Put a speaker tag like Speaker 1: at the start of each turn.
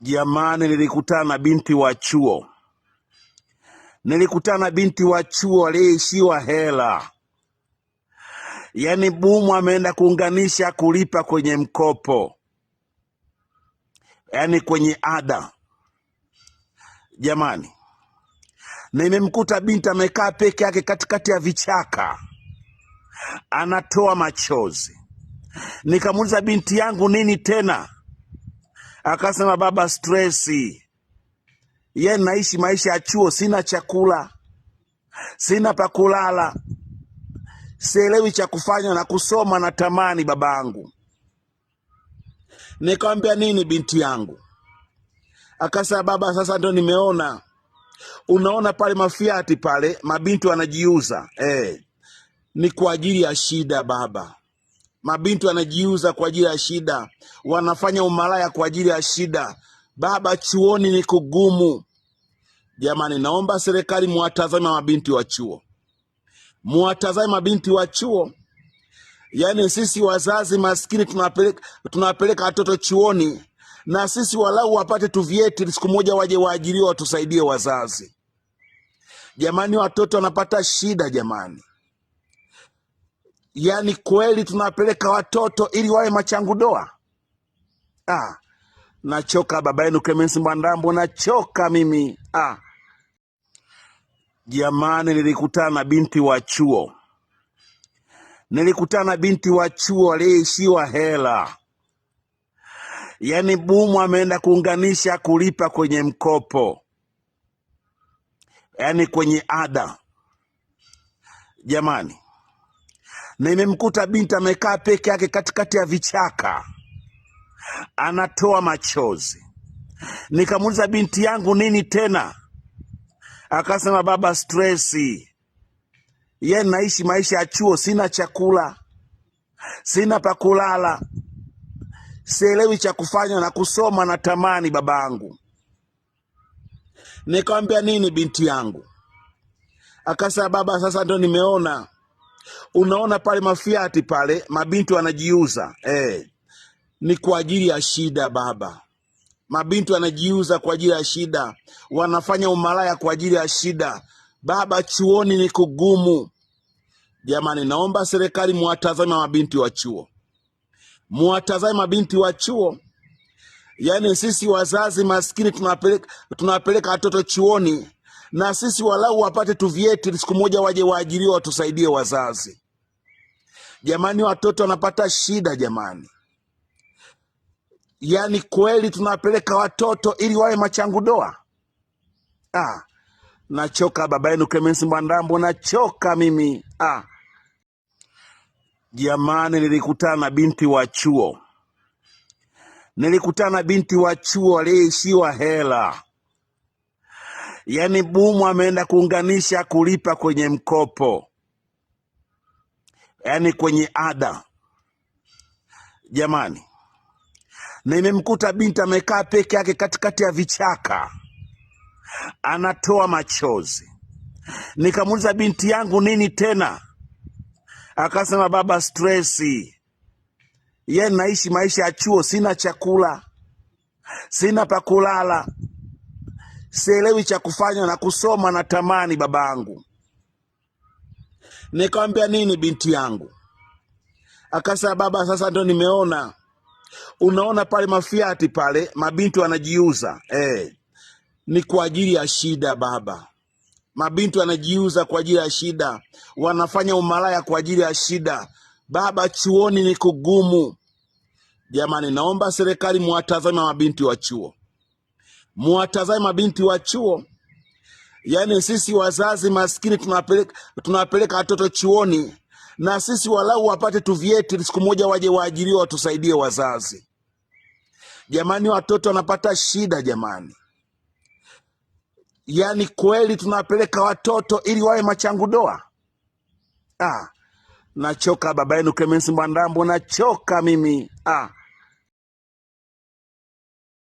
Speaker 1: Jamani, nilikutana na binti wa chuo, nilikutana na binti wa chuo aliyeishiwa hela, yaani bumu ameenda kuunganisha kulipa kwenye mkopo, yaani kwenye ada. Jamani, nimemkuta binti amekaa peke yake katikati ya vichaka, anatoa machozi. Nikamuuliza binti yangu, nini tena? Akasema baba stresi, ye naishi maisha ya chuo, sina chakula, sina pa kulala, sielewi cha kufanya na kusoma na tamani baba yangu Nikamwambia nini binti yangu? Akasema baba, sasa ndo nimeona, unaona pale mafiati pale mabinti wanajiuza eh, ni kwa ajili ya shida baba Mabinti wanajiuza kwa ajili ya shida, wanafanya umalaya kwa ajili ya shida. Baba, chuoni ni kugumu. Jamani, naomba serikali muwatazame mabinti wa chuo, muwatazame mabinti wa chuo. Yaani sisi wazazi maskini tunawapeleka watoto chuoni, na sisi walau wapate tuvyeti, siku moja waje waajiriwa watusaidie wazazi. Jamani, watoto wanapata shida jamani yani kweli tunawapeleka watoto ili wawe machangudoa? Ah, nachoka baba yenu Clemence Mwandambo, nachoka mimi ah. Jamani, nilikutana na binti wa chuo, nilikutana na binti wa chuo aliyeishiwa hela, yaani bumu ameenda kuunganisha kulipa kwenye mkopo, yaani kwenye ada. Jamani, na imemkuta binti amekaa peke yake katikati ya vichaka, anatoa machozi. Nikamuuliza, binti yangu, nini tena? Akasema, baba, stresi. Ye, naishi maisha ya chuo, sina chakula, sina pa kulala, sielewi cha kufanya na kusoma na tamani, baba yangu. Nikamwambia, nini binti yangu? Akasema, baba, sasa ndo nimeona Unaona pale mafiati pale mabinti wanajiuza eh, ni kwa ajili ya shida baba. Mabinti wanajiuza kwa ajili ya shida, wanafanya umalaya kwa ajili ya shida baba. Chuoni ni kugumu jamani, naomba serikali muwatazame mabinti wa chuo, muwatazame mabinti wa chuo. Yaani sisi wazazi maskini tunapeleka tunawapeleka watoto chuoni na sisi walau wapate tuvieti siku moja waje waajiriwa watusaidie wazazi. Jamani, watoto wanapata shida jamani. Yaani kweli tunawapeleka watoto ili wawe machangu doa? Ah, nachoka baba yenu Clemence Mbandambo, nachoka mimi ah. Jamani, nilikutana na binti wa chuo, nilikutana na binti wa chuo aliyeishiwa hela yaani bumu ameenda kuunganisha kulipa kwenye mkopo, yaani kwenye ada. Jamani, nimemkuta binti amekaa peke yake katikati ya vichaka, anatoa machozi. Nikamuuliza, binti yangu, nini tena? Akasema, baba, stresi. Ye, yaani naishi maisha ya chuo, sina chakula, sina pa kulala sielewi cha kufanya na kusoma na tamani baba angu Nikamwambia nini binti yangu? Akasema baba, sasa ndo nimeona, unaona pale mafiati pale mabinti wanajiuza eh, ni kwa ajili ya shida baba. Mabinti wanajiuza kwa ajili ya shida, wanafanya umalaya kwa ajili ya shida baba. Chuoni ni kugumu jamani, naomba serikali muwatazame mabinti wa chuo muwatazame mabinti wa chuo. Yaani sisi wazazi maskini tunawapeleka watoto chuoni, na sisi walau wapate tuvyeti, siku moja waje waajiriwa watusaidie wazazi. Jamani, watoto wanapata shida jamani. Yaani kweli tunawapeleka watoto ili wawe machangu doa ah. Nachoka baba yenu Clemence Mbwandambo, nachoka mimi ah.